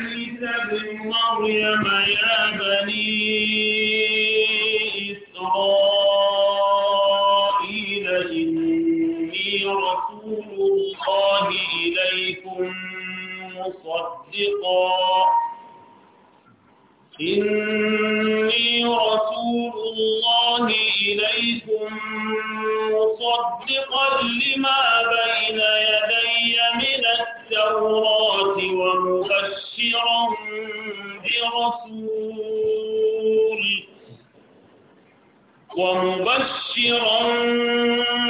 عيسى بن مريم يا بني إسرائيل إني رسول الله إليكم مصدقا بشيرا برسول ومبشرا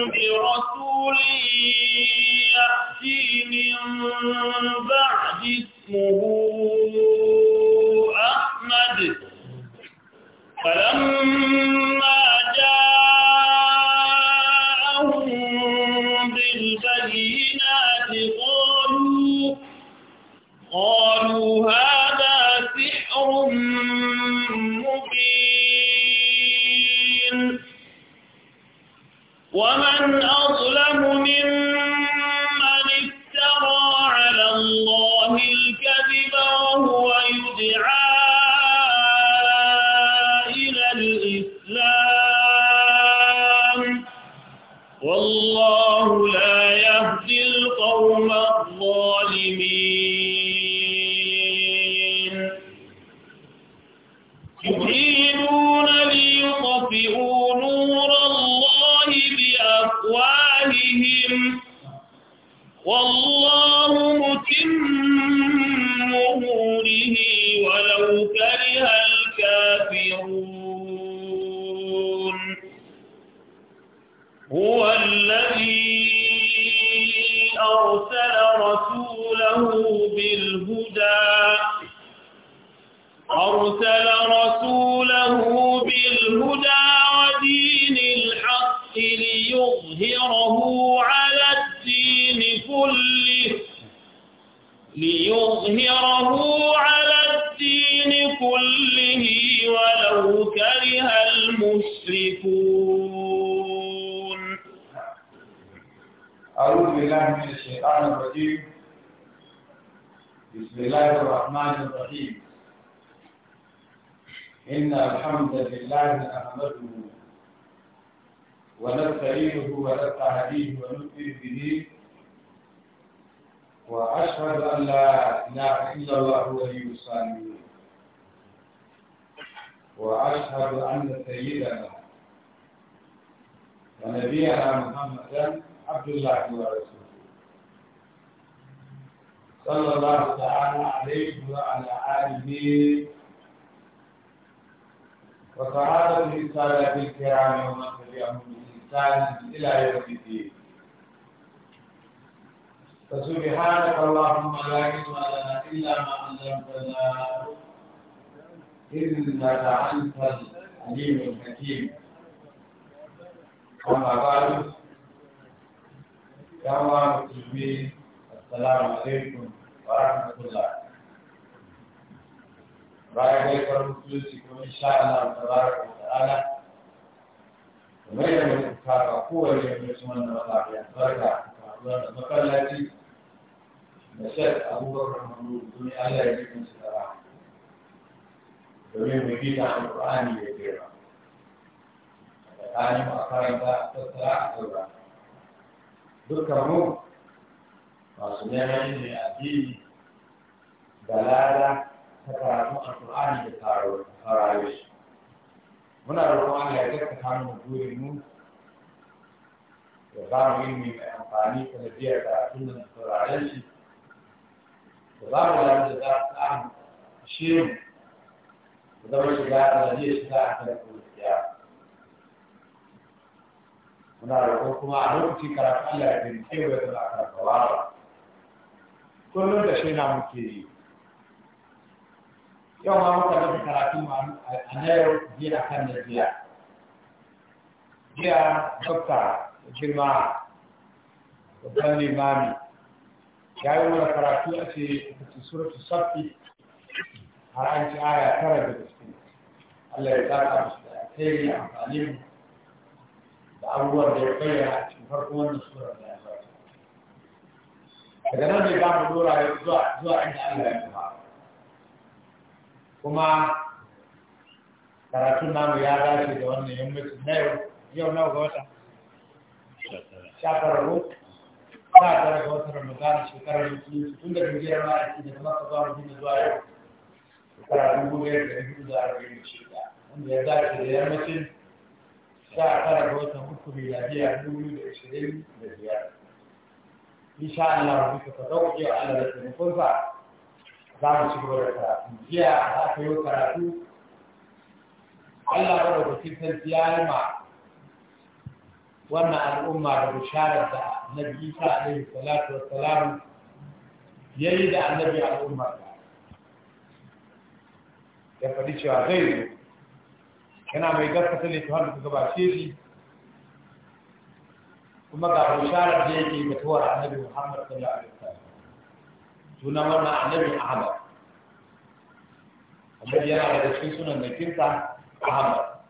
برسول يأتي من بعد اسمه baya kai far musulunci kuma insha Allah tabaraka wa ta'ala kamar yadda muka fara kowane yammacin wannan wata mai albarka karuwa da masallaci da shek abubakar mahmud duni Allah ya jikin su tara domin mu bi da alƙur'ani da jera tsakanin mu a karanta tattara a saura dukkan mu masu neman yin addini da lada القرآن بالفرائش هنا الرحمن يجب كان موجود من وقالوا إني أمقاني فلدي أتعطينا الفرائش وقالوا لأن جدار الأهم الشيم ودور جدار الذي يشتاع في الكل الثياب هنا الرحمن أعلم في كرافية بنتي ويتبع كرافة كل من تشينا yau ma muka rufe karatun mu a na yau jiya kan na jiya jiya dokta girma babban limami ya yi mana karatu a ce ta suratu safi har an ci aya tara da gaske Allah ya zaka musu da alheri amfani mu da abubuwan da ya bayyana a cikin farko wannan surar da ya zaka daga nan ne za mu dora zuwa inda Allah ya kuma karatun namu ya dace da wannan yan mutu. na yau yau nawa ga wata shakarar ko ba a tara ga wata ramadan shekarar musulunci tun da gajiyar ma'aiki da kuma kasuwa mutum zuwa yau karatun ya da rikin da arba'in da shida wanda ya dace da yammacin sha tara ga watan uku miliyariya dubu da ashirin da biyar insha Allah muka ka dauke Allah da taimakonsa za mu ci gaba da karatu jiya za ka yi karatu Allah ya rabu cikin ya yi ma wannan al'umma da bisharar da Annabi Isa alaihi salatu wassalam yayi da Annabi al'ummar ya fadi cewa zai zo yana mai gaskata ne ta hannu gabace shi kuma ga bisharar da yake mutuwar Annabi Muhammad sallallahu alaihi wasallam sunan wannan annabi ahmad annabi yana da cikin sunan mai kinta ahmad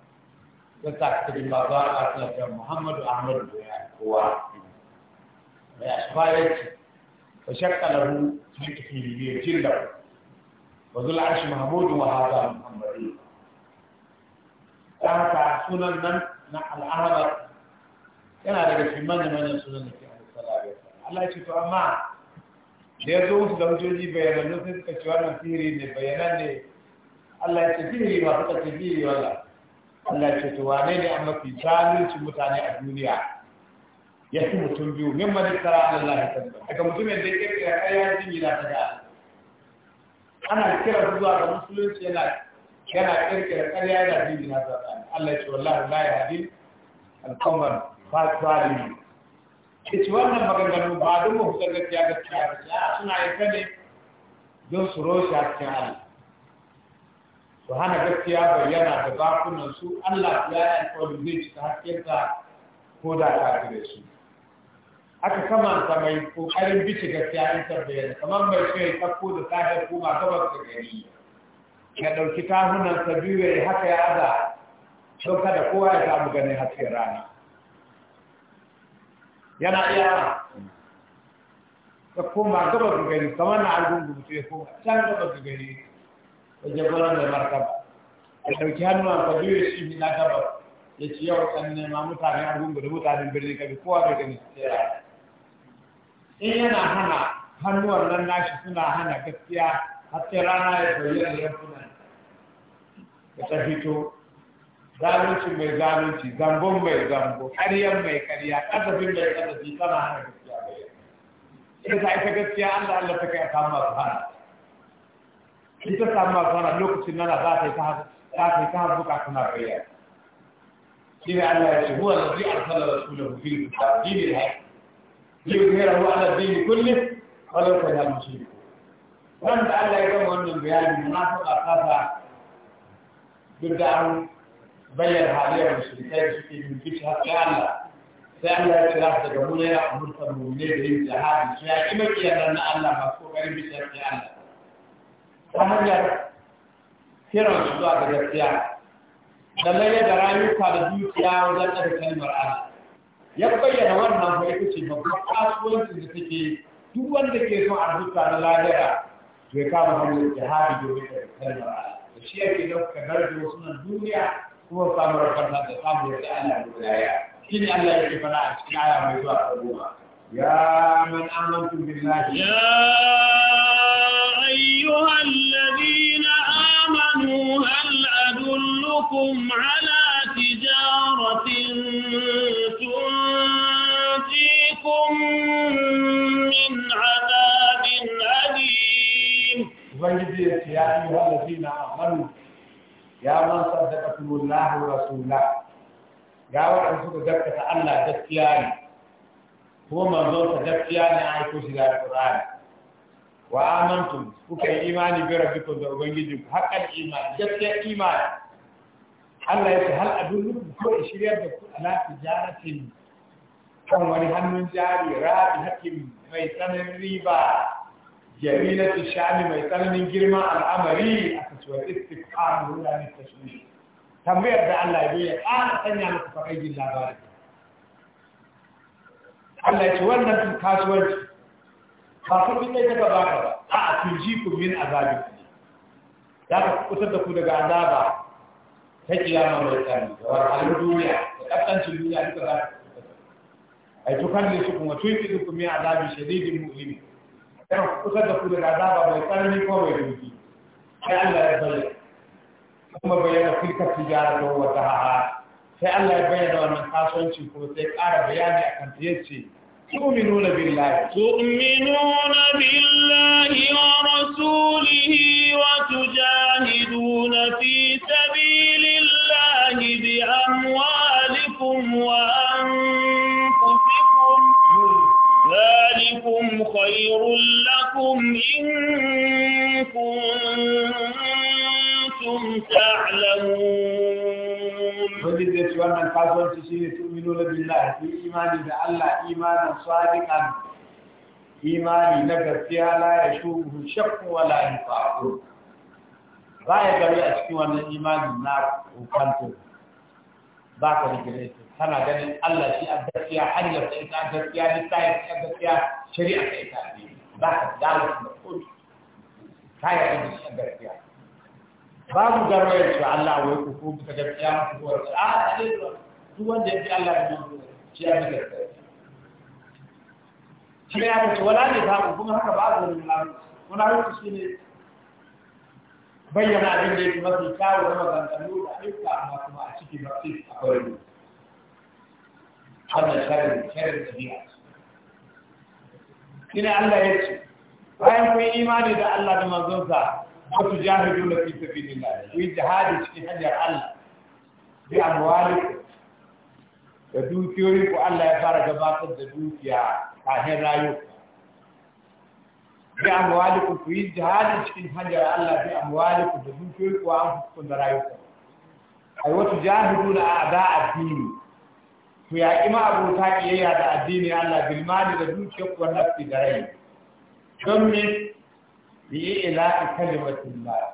don ta cikin baba a tsakiyar Muhammad Ahmad da ya kowa mai ashfayarci wa shakka lahu fi kifiri jillar wa zul arshi Mahmud wa hada Muhammad ta ta sunan nan na al al'ahmad yana daga cikin manyan manyan sunan da ke alaihi salatu Allah ya ce to amma da ya zo musu da hujjoji bayanannu sai suka ci wannan sihiri ne bayanan ne Allah ya ce sihiri ba suka ce sihiri wala Allah ya ce to wane ne an mafi zalunci mutane a duniya ya fi mutum biyu min mani tsara Allah ya san daga mutumin yadda ya kira kayan jini na ta ga ana kira zuwa ga musulunci yana yana kirkira ƙarya yana jini na ta Allah ya ce wallahi la ya hadin alqamar fa zalimi ce wannan maganganu ba don mu fitar gaskiya gaskiya ba ya suna yi ta ne don su roshe a cikin Allah su hana gaskiya bayyana da bakunan su Allah ya yi alƙawarin zai cika ta ko da ta kire su aka kamanta mai kokarin bice gaskiya in tarbiyyar kamar mai sai tako da tsadar kuma gabas da gari ya ɗauki tahunan sabiwa ya haka ya aza don kada kowa ya samu ganin hasken rana yana iya ka koma gaba ga gari kamar na argungu mutu ya koma can gaba ga gari da jagoran da markaba ya ɗauki hannuwan ka biyu shi na gaba ya ci yau can nema mutanen argungu da mutanen birni kabi kowa bai gani su tsira in yana hana hannuwan nan nashi suna hana gaskiya har sai rana ya bayyana kuna da ta fito zalunci mai zalunci zambon mai zambo ƙaryan mai ƙarya ƙasafin mai ƙasafi tana hana gaskiya da bai ita ita gaskiya Allah Allah ta kai a samu masu hana ita samu masu hana lokacin nana za ta yi ta za ta buka tana bayyana shi ne Allah ya ce huwa na lafi arsala rasulahu fil kitab dini al-haq liyuzhirahu ala dini kulli walau kana mushrikun wanda Allah ya gama wannan bayani munafika ta duk da an bayyana haliyar musulmai da suke mulki har sai Allah sai Allah ya kira daga muna ya amurta mummune da yin jihadi su ya ƙi makiyar na Allah masu ƙoƙarin bishiyar Allah ta hanyar kiran su zuwa ga gaskiya da laye da rayuka da dukiya wajen ɗaga kalmar Allah ya bayyana wannan ko ita ce babban kasuwancin da take duk wanda ke son arzuta na lahira to ya kama hanyar jihadi domin ɗaga kalmar Allah da shi yake ɗaukar darajar wasu nan duniya هو صامر الفرد صامر أنا الولايات كني الله يكفنا كني على ما يقول يا من آمنت بالله يا أيها الذين آمنوا هل أدلكم على تجارة تنجيكم من عذاب أليم ويجزيك يا أيها الذين آمنوا ya man saddaqatu Allah wa rasulah ya wa'an suka gaskata Allah gaskiya ne kuma manzon ta gaskiya ne a aiko shi da Qur'ani wa amantum kuka yi imani bi rabbikum da ubangijinku haqqan imani gaskiya imani Allah ya ce hal adullukum ko shiryar da ku ala tijaratin kan wani hannun jari rabi hakim mai sanin riba جميلة الشعب ميتان من جرما العمري أكسوى الاستفحام ولا من التشويش تنبيه بأن الله يبيه أنا آه، سنيا متفقي جل بارك الله يتولى في الكاسوج فاصل آه، من كيف تبارك أعطيجيكم من عذابكم ذاك كتب تقول لك عذابا هكيا ما يتنن ورحل الدنيا تقتنش الدنيا لك ذاك أي تكلسكم وتنفذكم من عذاب شديد مؤلم kar kusa da ku daga azaba mai tsanani ko mai rubuci sai Allah ya bayyana kuma bayyana tilka tijara da wata ha'a sai Allah ya bayyana wannan kasuwanci kuma sai ƙara bayani akan ta yace tu'minuna billahi tu'minuna billahi wa rasulihi Allah imani da Allah imanin sadiqan imani na gaskiya la ya shubu shakku wa la yafaqu ba ya gari a cikin wannan imanin na hukunto ba ka rigire shi kana ganin Allah shi a gaskiya hanyar da ita gaskiya ne ta yi a gaskiya shari'a ta ita ne ba ka da dawo da kuma ta yi a gaskiya babu garwayar su Allah wai ku ku ka gaskiya ku ko a duk wanda ya fi Allah da manzo shi ya fi gaskiya shi ya kace wala ne ta kuma haka ba a zo ne lafi wani harin su ne bayyana abin da yake mafi kyawu na maganganu da ayyuka amma kuma a ciki ba sai akwai ne wannan sharin sharin tabi'a ina Allah ya ce bayan kun imani da Allah da manzonsa wasu jahidu na fi sabilillah ku yi jihadi cikin hanyar Allah bi amwalikum da dukiyoyi ko Allah ya fara gabatar da dukiya kafin rayuka bi amwalikum ku yi jihadi cikin hanyar Allah bi amwalikum da dukiyoyi ko an hukun da rayuka ai wata a da addini ku yaƙi ma abota kiyayya da addini Allah bil mali da dukiyar ku wannan da rai don me bi ila kalimatillah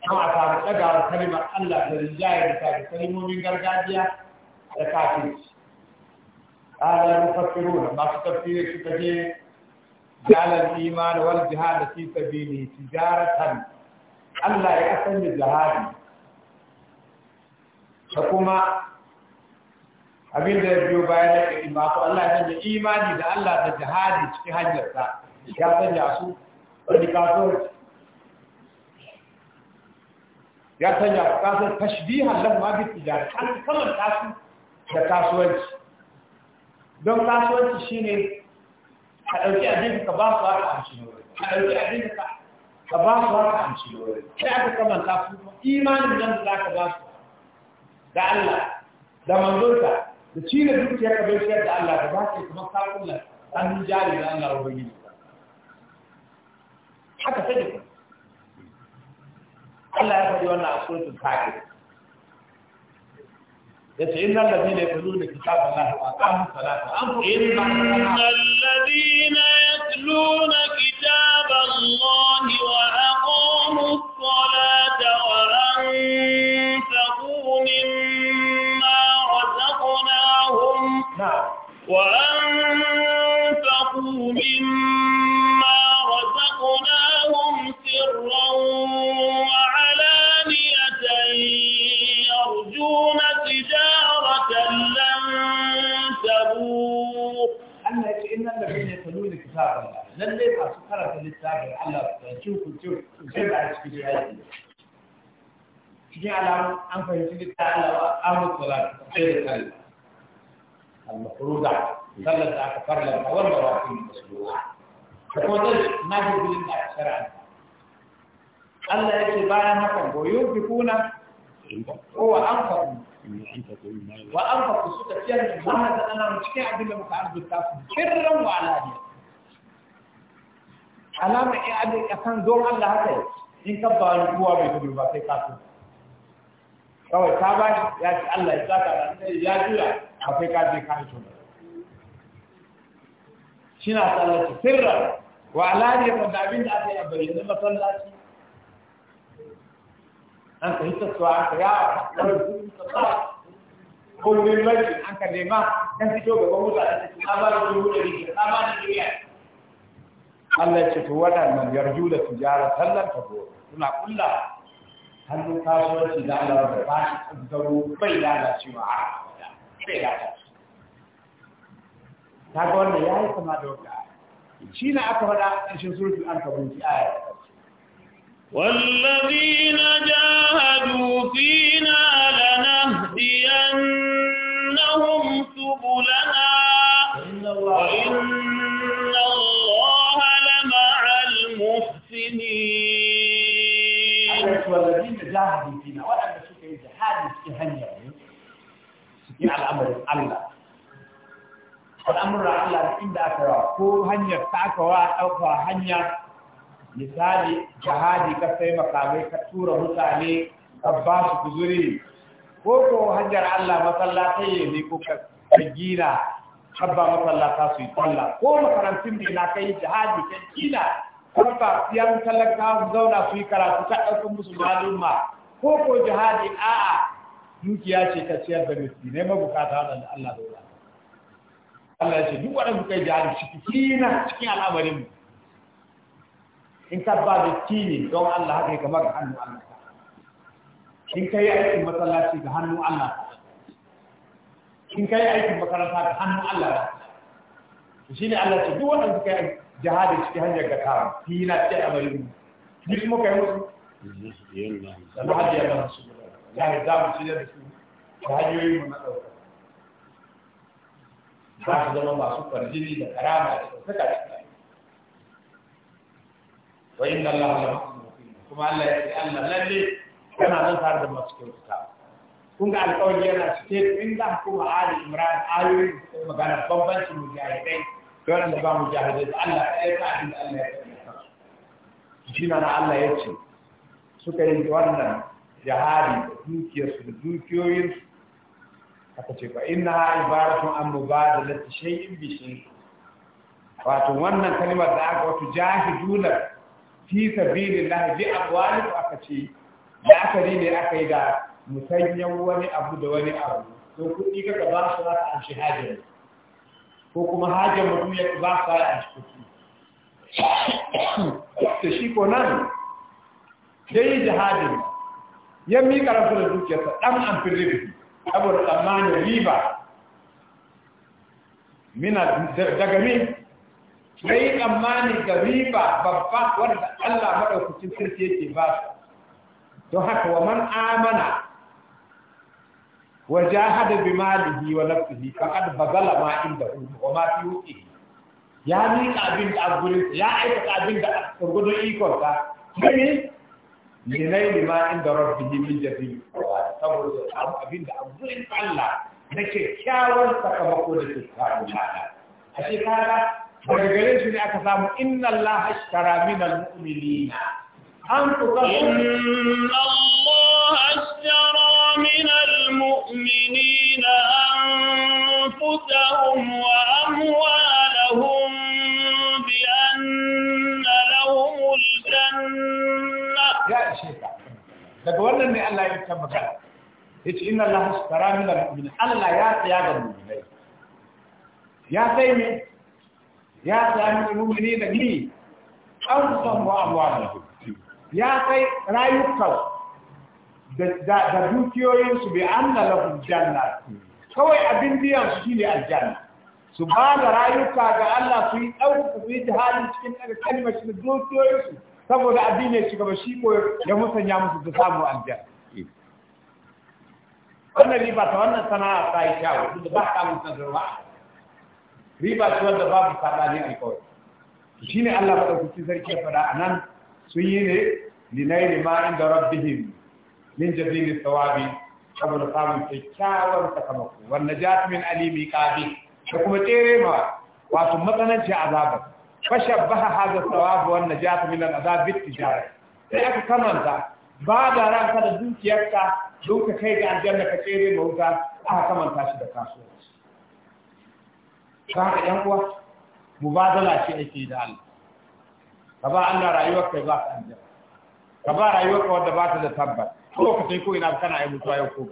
kuma a samu tsagawar kalimar Allah da rinjaye da kalmomin gargajiya تكاتيش هذا المفكرون ما في تفكير كتبين جعل الإيمان والجهاد في سبيله تجارة ألا يحسن الجهاد فكما أبيد يبيو بايلة إيمان الله يحسن الإيمان إذا ألا تجهاد في حجة يحسن يعصو ودكاتور يحسن يعصو تشبيه الله ما بالتجارة حسن كمان تشبيه da kasuwanci don kasuwanci shine ka ɗauki abinci ka ba su haka amshi na ka ɗauki abinci ka ba su haka amshi na sai aka kamanta su imanin nan da za ka ba su da Allah da manzonta da cire dukiyar ka bai shayar da Allah da ba su kuma kakulla hannun jari da Allah wa bayyana haka sai da Allah ya faɗi wannan a suratul kafir إن الذين يتلون كتاب الله وأقاموا الصلاة إن الذين يتلون كتاب الله وأقاموا الصلاة وأنفقوا مما رزقناهم نعم وأنفقوا littafin ba lalle masu karanta littafin Allah da cin kuncin sai da cikin yayi cikin alamu an fahimci littafin Allah an mutu da sai da kare al-mafruda sallar da aka farla da wanda ba su musulma ta ko dai na ji bilin da shari'a Allah yake bayan hakan goyo bi kuna ko an faɗi وأنفقوا سكة فيها من هذا أنا مشكلة عبد الله متعبد كافر سرا وعلانية alama in abin kasan don Allah haka in ka ba ni kowa bai kudu ba sai ka kasu kawai ka ba ya ce Allah ya zaka ya juya sai ka je kan shi shi na sallaci sirra wa ko da abin da aka yi a bayyana masallaci an ka hita su an ka ya kullum mai an ka nema kan fito gaban mutane da su labarin da ya wuce da labarin da ya Allah ce to waɗannan yarju da tijara sallar ta go suna kulla hannun kasuwanci da Allah da ba shi tsaro bai lalacewa a sai lalacewa ta ga wanda ya yi sama da wanda shi na aka faɗa cikin surutul an kabunci aya والذين جاهدوا فينا لنهدينهم سبلنا وإن mujahidin fina waɗanda suka yi jihadi cikin hanyar ne cikin al'amarin Allah al'amuran Allah da inda aka yawa ko hanyar takawa ɗaukawa hanya misali jihadi ka sai makamai ka tura mutane ka ba su kuzuri ko ko hanyar Allah masallatai ne ko ka gina habba masallata su yi talla ko makarantun ne na kai jihadi kan kila farfa yan talaka zauna su yi karatu ta ɗaukar musu malumma ko ko jihadi a'a dukiya ce ta ciyar da ma mabukata waɗanda Allah da ba Allah ya ce duk waɗanda kai jihadi ciki, kina cikin al'amarin mu in ka ba da kini don Allah haka yi kamar hannu Allah in ka yi aikin masallaci ga hannu Allah in ka yi aikin makaranta ga hannu Allah shi ne Allah ce duk waɗanda suka yi jihadi cikin hanyar ga kama fi na ce a mai mu duk muka yi musu sannan hajji ya mana su ya yi za mu shirya da su ta hanyoyin mu na ɗauka za su zama masu kwarjini da karama da ɗaukaka cikin wa inna Allah la kuma Allah ya ce Allah lalle yana nan tare da masu kyautata kun ga alƙawari yana cike in za ku kuma Ali Imran ayoyin magana bambancin mujahidai garin da ba mu jahilai da Allah ya sa abin da Allah ya ce shi na Allah ya ce suka yi wannan da dukiyarsu da dukiyoyinsu aka ce fa inna ibaratun an mubadalati shay'in bi shay'in wato wannan kalmar da aka wato jahiduna fi sabilillah bi aqwalikum aka ce la'akari ne aka yi da musanyan wani abu da wani abu ko kuɗi kaka ba su za ta amshi shahadin ko kuma hajjar mutum ya ba sa a cikin da shi ko nan dai jihadin ya mi rasu da dukiyarsa ɗan amfin ribi saboda tsammanin riba mina daga min da yi tsammanin ga riba babba wanda Allah maɗaukacin sarki yake ba su don haka wa man amana وجاهد بماله ونفسه فقد بذل ما عنده وما في وقته يا ميك أبين أبولين يا أيك أبين أبولين إيكول تا مني لنيل ما عند ربه من جديد saboda samu abin da an gurin Allah na kyakkyawan sakamako da ke samu lada. A shekara, daga gare shi ne aka samu innan Allah muminina An من المؤمنين أنفسهم وأموالهم بأن لهم الجنة يا شيخ daga wannan ne Allah ya tabbata yace inna Allah ashtara min al-mu'minin Allah ya tsaya ga mu'minai ya sai ne ya tsaya min mu'mini da ni an san wa amwalahum ya sai rayukan da dukiyoyinsu bai an na lahun janna kawai abin biyan su shi ne aljanna su ba da rayuka ga Allah su yi ɗauka su yi halin cikin ɗaga kalmar shi da dukiyoyinsu saboda abin ya shiga ba shi ko ya musanya musu da samu aljanna wannan riba ta wannan sana'a ta yi kyawu da ba ta musu da ruwa riba ce wanda babu saɓani alkawari shine Allah maɗaukacin sarki ya faɗa a nan sun yi ne linai ne ma inda rabbihim من جبين الثواب قبل قام في كاور تكمك والنجاة من أليم قابي حكم تيريما واتم مطنا في عذابا فشبه هذا الثواب والنجاة من العذاب بالتجارة لأك كمان ذا بعد رأس الدين تيكا دوك كيجا عن جنة كتيري موتا أها كمان تاشد كاسو فهذا ينقوى مبادلة شيء في دال كبا أن رأيوك كيضاف أنجا كبا رأيوك ودبات لتبت ko ka sai ko ina kana ai mutuwa yau ko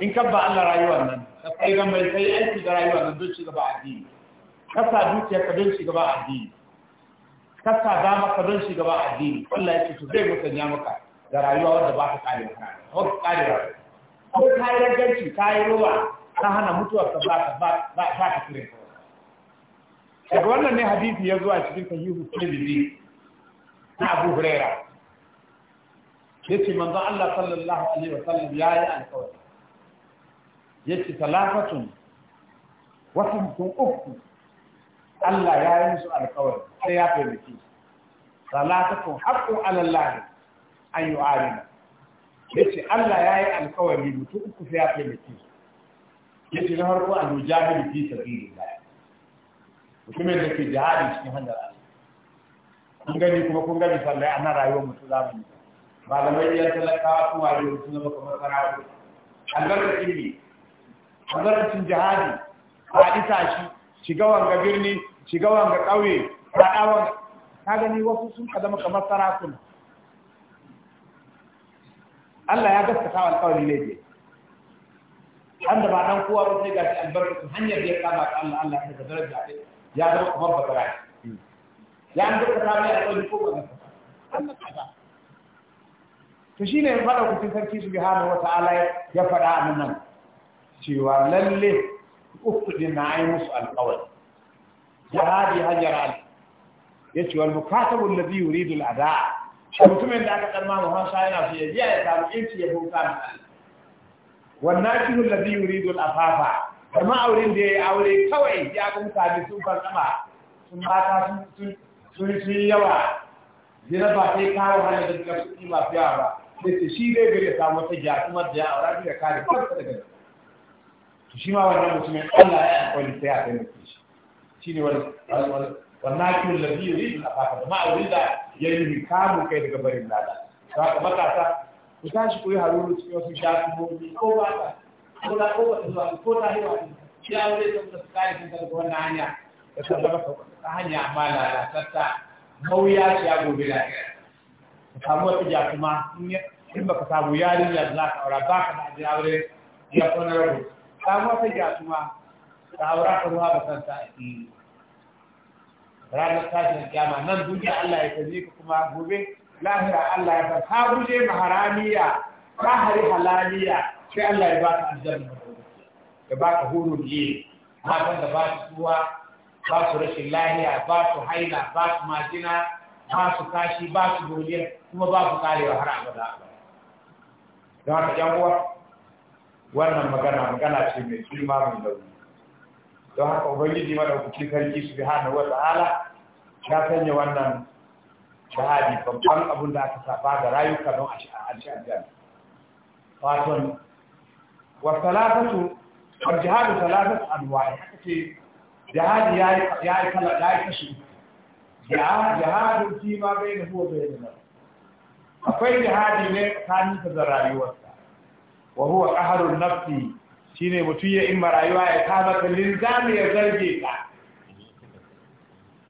in ka ba Allah rayuwar nan ka sai ga mai sai aiki da rayuwar nan don ci gaba addini ka sa dukiya ka don ci gaba addini ka sa dama ka don ci gaba addini Allah ya ce to zai musanya maka da rayuwa wanda ba ka kare ka ba ka kare rayuwa ko kayi raganci yi ruwa ta hana mutuwar ka ba ba ba ka kire daga wannan ne hadisi ya zuwa cikin sahihu tirmidhi na Abu Hurairah yace manzo Allah sallallahu alaihi wasallam ya yi alƙawari yace talafatun wasu mutum uku Allah ya yi musu alƙawari sai ya taimake talafatun haqqu ala Allah an yu'alina yace Allah ya yi alƙawari mutu uku sai ya taimake yace na farko an yujahidu fi sabilillah mutumin da ke jihadi cikin hanyar Allah kun gani kuma kun gani sallai ana rayuwar mutum zamani malamai biyar ya talaka su wayo sun zama kamar sarari albarkacin ne albarkacin jihadi faɗi shi, shiga wanga birni shiga wanga ƙauye faɗa wanga ka gani wasu sun ka zama masara sarakuna Allah ya gaskata wa alƙawari ne je an ba dan kowa ba sai ga shi albarkacin hanyar da ya kama ka Allah Allah ya da daraja ya zama kamar bakara ya an gaskata mai alƙawari ko ba gaskata Allah ka to shine madaukakin sarki Su wata wataala ya faɗa a nan cewa lalle uku din na yi musu alƙawari jihadi hajar al ya ce wal mukatabu alladhi yuridu al ada mutumin da aka tsamma mu hasa yana so ya jiya ya samu inci ya bauta na wannan shi alladhi yuridu al afafa kuma auren da ya yi aure kawai ya ga mutane sun fantsama sun mata sun sun yawa zina ba sai kawo hanyar da suka fi masu yawa ba sai shi dai gari ya samu wata jatumar da ya aura bi da kare kansa daga to shi ma wannan mutumin Allah ya alƙawari sai a taimake shi wannan a fata ma a da ya yi kamu kai daga barin lada za ka matasa ku tashi ku yi haruru cikin wasu shafi ko ba ta ko ba ta zuwa ko ta hewa shi a wurin da suka kare kansa daga wannan hanya da ta zama ta hanya amma lalatatta mawuya shi ya gobe lafiya ka samu wata jakuma in ya in baka samu yarinya da za ka aura ba ka da ajiyar aure ya kone rabu samu wata gyatuma ta aura ka ruwa bakan ta aiki ranar tashin kyama nan duniya Allah ya kaji ka kuma gobe lahira Allah ya bar ta guje maharamiya ta hari halaliya sai Allah ya baka aljanna ya baka hurun yi matan da ba su tuwa ba su rashin lahiya ba su haila ba su majina ba su kashi ba su doriyar kuma ba su karewa har abada don haka yan uwa wannan magana magana ce mai girma mai nauyi don haka ubangiji madaukakin sarki hana wata hala. ya sanya wannan jihadi babban abin da aka saba ga rayuka don a shi aljanna wato wa salatatu salatatu anwa'i haka ce jihadi ya yi kala kashi jihadu fi ma bainahu na bainan akwai jihadi ne ta da rayuwarsa wa huwa qahrun nafsi shine mutum ya imma rayuwa ya kama ka linzami ya zarge ka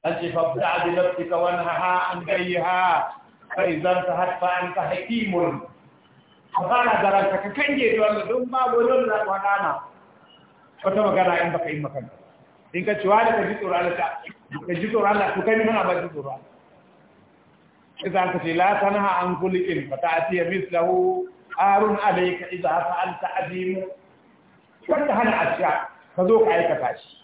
an ce fabda bi nafsika wanha an dayha fa idan tahat fa anta hakimun fara da ranka ka kange da wannan don ba gudun da ka dama wata magana in baka yi makan in ka ciwa da ka ji tsoron Allah ka ji tsoron Allah to kai ne ba ji tsoron Allah إذا أنت لا تنهى عن كل إن فتأتي مثله آر عليك إذا فعلت عظيم وانتهى أشياء فذوق عليك فاشي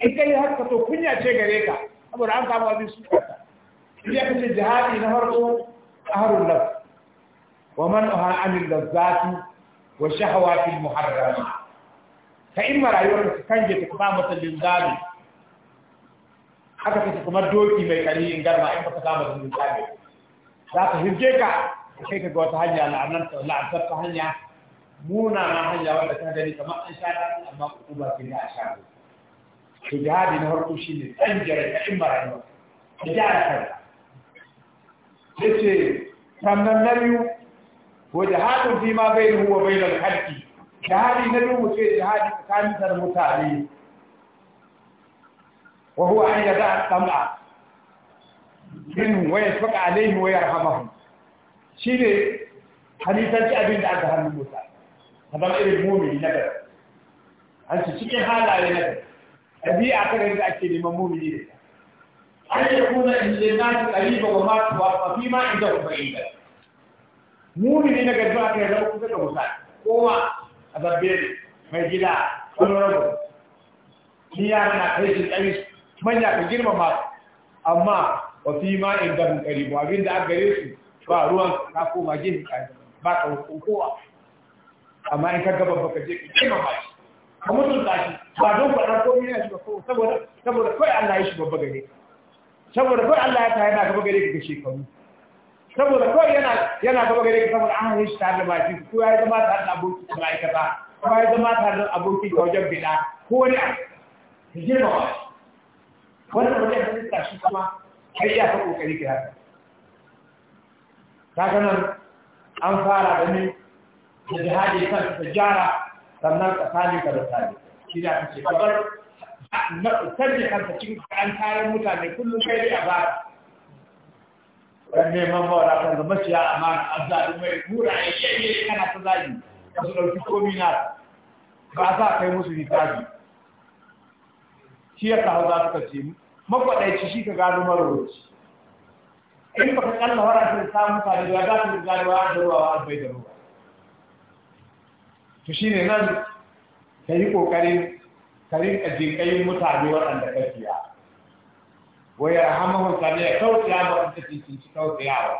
in kai haka to kunya ce gare ka saboda an samu abin su kasa ya kace jihadi na farko aharul nafs wa man ha anil lazzati wa shahawati al muharrama ka imma rayuwar ka kanje ta ba masa linzami haka kake kamar doki mai kari in garma in baka kama zumun tsabe za ka hirge ka kai ka ga wata hanya la'anar ta la'anar ta hanya muna na hanya wanda ka gani kamar an sha ta amma kuma sai da sha to jihadi na farko shine tsanjare ka in marayu da jara kai yace sannan na biyu ko jihadin fi ma bainahu wa bainal khalqi jihadi na biyu ce jihadi tsakanin mutane وهو أن يدع الطمع منهم ويشفق عليهم ويرحمهم شيء حديثة أبين أدهر من موسى هذا غير المؤمن نبر أنت شيء هذا على نبر أبي أعتقد أن أكيد من مؤمن أن يكون للناس قريبا وما فيما عندهم بعيدا مؤمن نبر ما كان له كذا موسى kowa a babbe mai gida honorable ni ya mana kai shi manya ka girmama amma wa fi ma in da hankali ba abin da aka su ba ruwan ka koma gini ka ba ka hukun kowa amma in ka gaba baka je ka girmama shi ka mutunta shi ba don faɗa ko mina shi ba saboda saboda kai Allah ya shi babba gare saboda kai Allah ya tayar da gaba gare ka shekaru saboda kawai yana yana gaba gare ka saboda an hanyar shi tare da mafi ko ya yi zama tare da aboki ma'aikata ko ya yi zama tare da aboki ta wajen bida ko wani a ka girma shi wannan wajen da suka shi kuma kai ya fa kokari ke haka kaga nan an fara da ne da jihadi kan jara sannan tsakanin ka da tsari shi da ce. kabar na da kan cikin an tare mutane kullum kai dai a ba Wani neman mawara kan da maciya amana zaɗi mai mura yake kana ta zaɗi ka su ɗauki komai na ba za kai musu hisabi shi ya kawo za su kace makwadaici shi ka gano marorci in baka kalla wara ta samu mutane da za su gano wa da ruwa wa bai da ruwa to ne nan ka yi kokarin ka rinka jinkayin mutane waɗanda ka kiya wa ya sami'a ya ba ta cikin kautsiyawa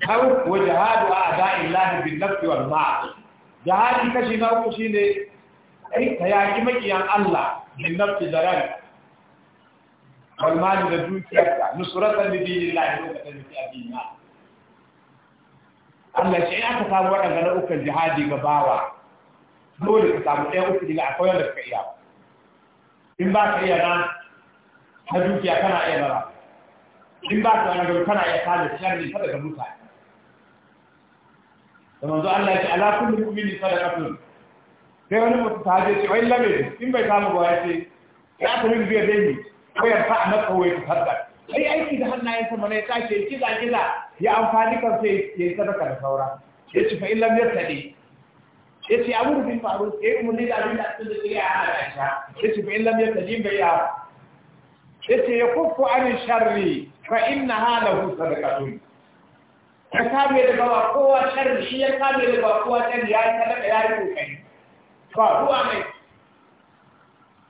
أو وجهاد أعداء الله Jihadi والمال جهاد كشي نوكو شيني ta yaki makiyan Allah. min nafsi da ran wal mali da dukiyarka nusratan li dinillahi wa qatan fi adina Allah shi aka samu waɗanda na ukan jihadi ga bawa dole ka samu ɗaya uku daga akwai wanda suka iya in ba ka iya na na dukiya kana iya bara in ba ka wani kana iya kada sharri kada ga mutane da manzo Allah ya ce ala kullu mu'minin sadaqatun sai wani mutu ta ce wai labe in bai samu ba ya ce ya tafi biyar dai ne ko ya fa na kawai ta hadda sai aiki da hannayen sa mana ya tashi kiza kiza ya amfani kan sai ya yi sadaka da saura ya ce fa in ta ne ya ce abu rufin faru ya yi umarni da abin da aka zai ya hana aisha ya ce fa in ta yastadi bai ya ya ce ya kufu an sharri fa inna halahu sadaqatun ka kame da ba kowa sharri shi ya kame da ba kowa sharri ya yi sadaka ya yi kokari ba ruwa ne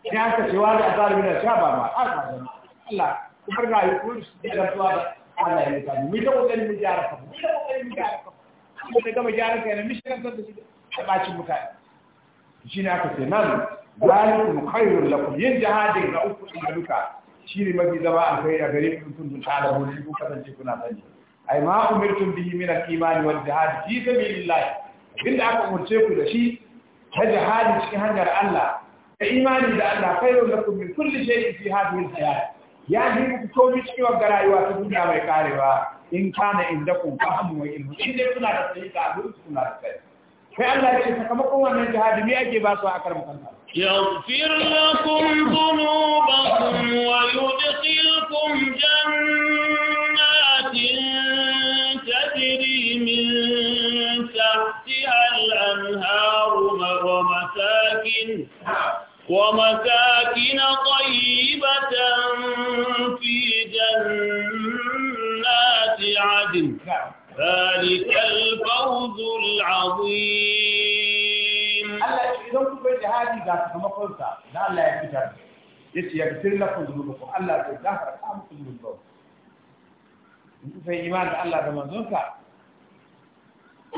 idan aka cewa da asali mina sha ba ma a ka zama Allah kuma ga yi kuma su da rantsuwa ba Allah ya mutane mu da kokarin mu gyara kafa mu da kokarin mu gyara kafa mu da gama gyara kai na mishirantar da shi da bacin mutane shi ne aka ce nan zalikum khairul lakum yin jihadin na uku din duka shi ne mafi zama a kai a gare ku kun ta da wani ku kasance kuna sani ai ma umirtum bihi min al-iman wal jihad fi sabilillah abinda aka umurce ku da shi ta jihadi cikin hanyar Allah da imani da Allah khairun lakum min kulli shay'in fi hadhihi al-hayat ya ji ku komai cikin wa rayuwa ta duniya mai karewa in kana indakum fahmu wa ilmu in dai kuna da sai ka abin kuna da sai Kai Allah ya ce sakamakon wannan jihadi me ake ba su a karam kanta yaghfir lakum dhunubakum wa yudkhilkum jannah الأنهار ومساكن ومساكن طيبة في جنات عدن ذلك الفوز العظيم الله إذا كنت في هذه ذات كما قلت لا الله يكتب يسي لكم ذنوبكم الله يغفر لكم ذنوبكم أنت في إيمان الله كما ذنبك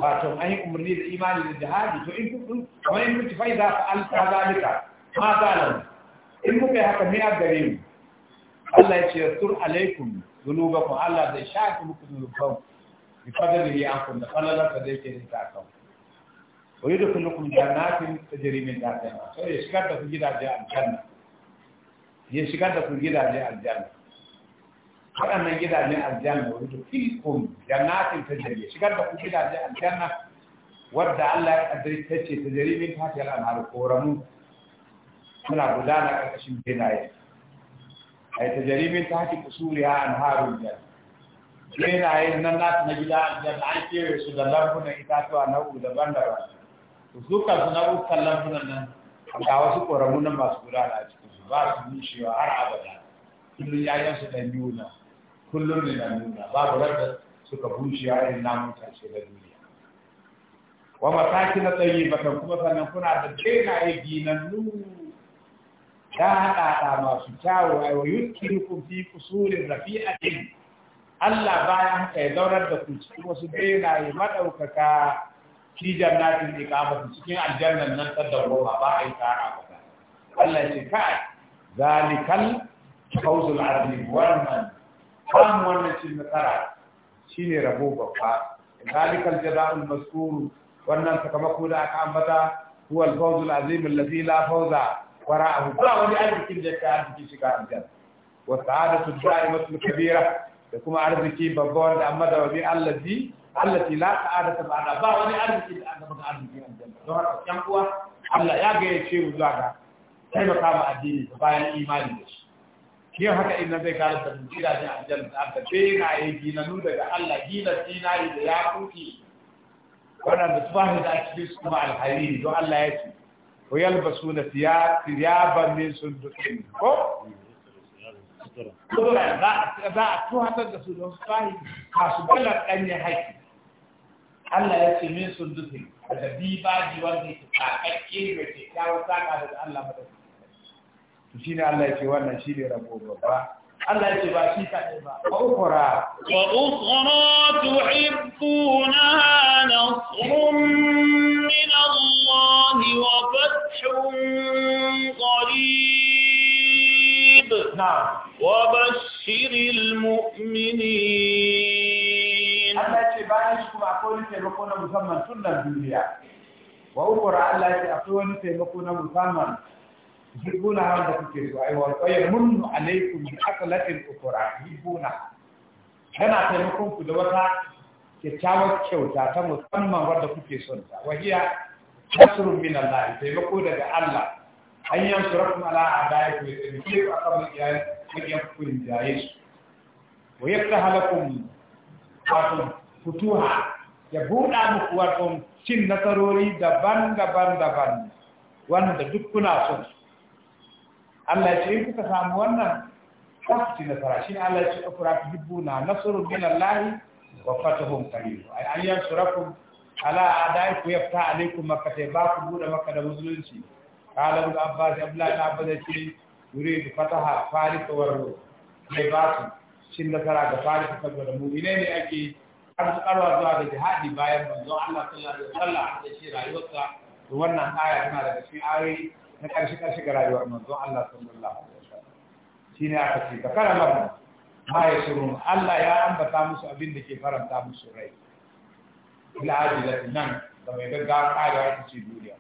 wato an yi umarni da imani da jihadi to in kun kamar in mutu fai za ka alka zalika ma zalam in muka yi haka miyar gare mu Allah ya ce yasur alaikum ku Allah zai shafi muku zunubanku bi fadlihi ankum da falalaka da yake da akan wa yudkhulukum jannatin tajri min tahtiha sai ya shigar da ku gidaje aljanna ya shigar da ku gidaje aljanna waɗannan gidajen aljanna wa yudu filkum jannatin tajri shigar da ku gidajen aljanna wadda Allah ya kaddari ta ce tajri min ta fiye anhar koramu suna gudana ƙarƙashin benaye ai tajri min tahti an anharul jan benaye nan na na gida aljanna an kewaye su da lambunan itatuwa na uku daban-daban su kan su na uku lambunan nan ga wasu koramu nan masu gudana a cikin su ba su nushewa har abada kullum ya yansu ɗan biyu nan kullum ne na nuna babu da suka bushe a irin namun tashe na duniya wa mataki na tsayi batan kuma sannan kuna da benaye ginannu ta haɗaɗa masu kyawu a wa yutkirukum fi kusurin rafi'atin Allah bayan haka ya zaunar da ku cikin wasu benaye maɗaukaka fi jannatin iqamati cikin aljannan nan ta dawoma ba a yi tsara ba Allah ya ce kai zalikal fawzul azim wannan samun wannan cin nasara shi ne rabo babba zalikal jaza'ul mazkur wannan sakamako da aka ambata huwa al-fawzul azim alladhi la fawza wara'ahu ba wani arzikin da ka arziki shiga aljanna wa sa'adatu da'imatu kabira da kuma arziki babba wanda amma da wani allazi allati la sa'adata ba'da ba wani arziki da aka baka arziki aljanna don haka yan uwa Allah ya gayyace mu zuwa taimaka ma addini bayan imani da shi shi haka inna zai kare da mutira ne a janna da benaye ginanu daga Allah gina sinari da yakuti waɗanda su ba da a cikin su kuma alhariri don Allah ya ce ko yalbasu na tiyaban ne sun dukin ko za a tuhatar da su don su fahi masu ya ɗanyen Allah ya ce min sun dukin da ji wanda ya ce kakakke da ke kyawun saka daga Allah madadin to shine Allah ya ce wannan shi ne rabo babba Allah ya ce ba shi kadai ba wa ukra wa ukra tuhibbuna nasrun min Allah wa fathun qarib na wa bashiril mu'minin Allah ya ce bayan shi kuma akwai wani taimako na musamman tun nan duniya wa ukra Allah ya ce akwai wani taimako na musamman jibuna da kuke so ai wa qayy munnu alaikum bi aqlatil ukra taimakon ku da wata kyakkyawar kyauta ta musamman wadda kuke son ta wahiya nasrun min Allah taimako daga Allah an yansurakum ala adaikum ya taimake ku akan makiyan ku jaye su wa yaftaha lakum wato futuha ya buɗa muku wato cin nasarori daban-daban daban wanda duk kuna son su Allah ce in kuka samu wannan kwafti na nasara shi ne Allah ce ukura na nasuru min Allah wa fatahun qarib ay an yansurakum ala adaiku yafta alaikum makkah ba ku bude makka da musulunci qala ibn abbas abdullah ibn abbas ce yuridu fataha faris wa ru mai ba su shin nasara ga faris saboda mu'mine ne ake karwa zuwa da jihadi bayan manzon Allah sallallahu alaihi wasallam da shi rayuwarsa wannan aya tana daga cikin ayoyi na ƙarshe ƙarshe ga rayuwar manzon Allah sallallahu alaihi wasallam ne aka ce ka karama ma ya surun Allah ya ambata musu abin da ke faranta musu rai al'ajila nan da mai gaggawa karewa ita cikin duniya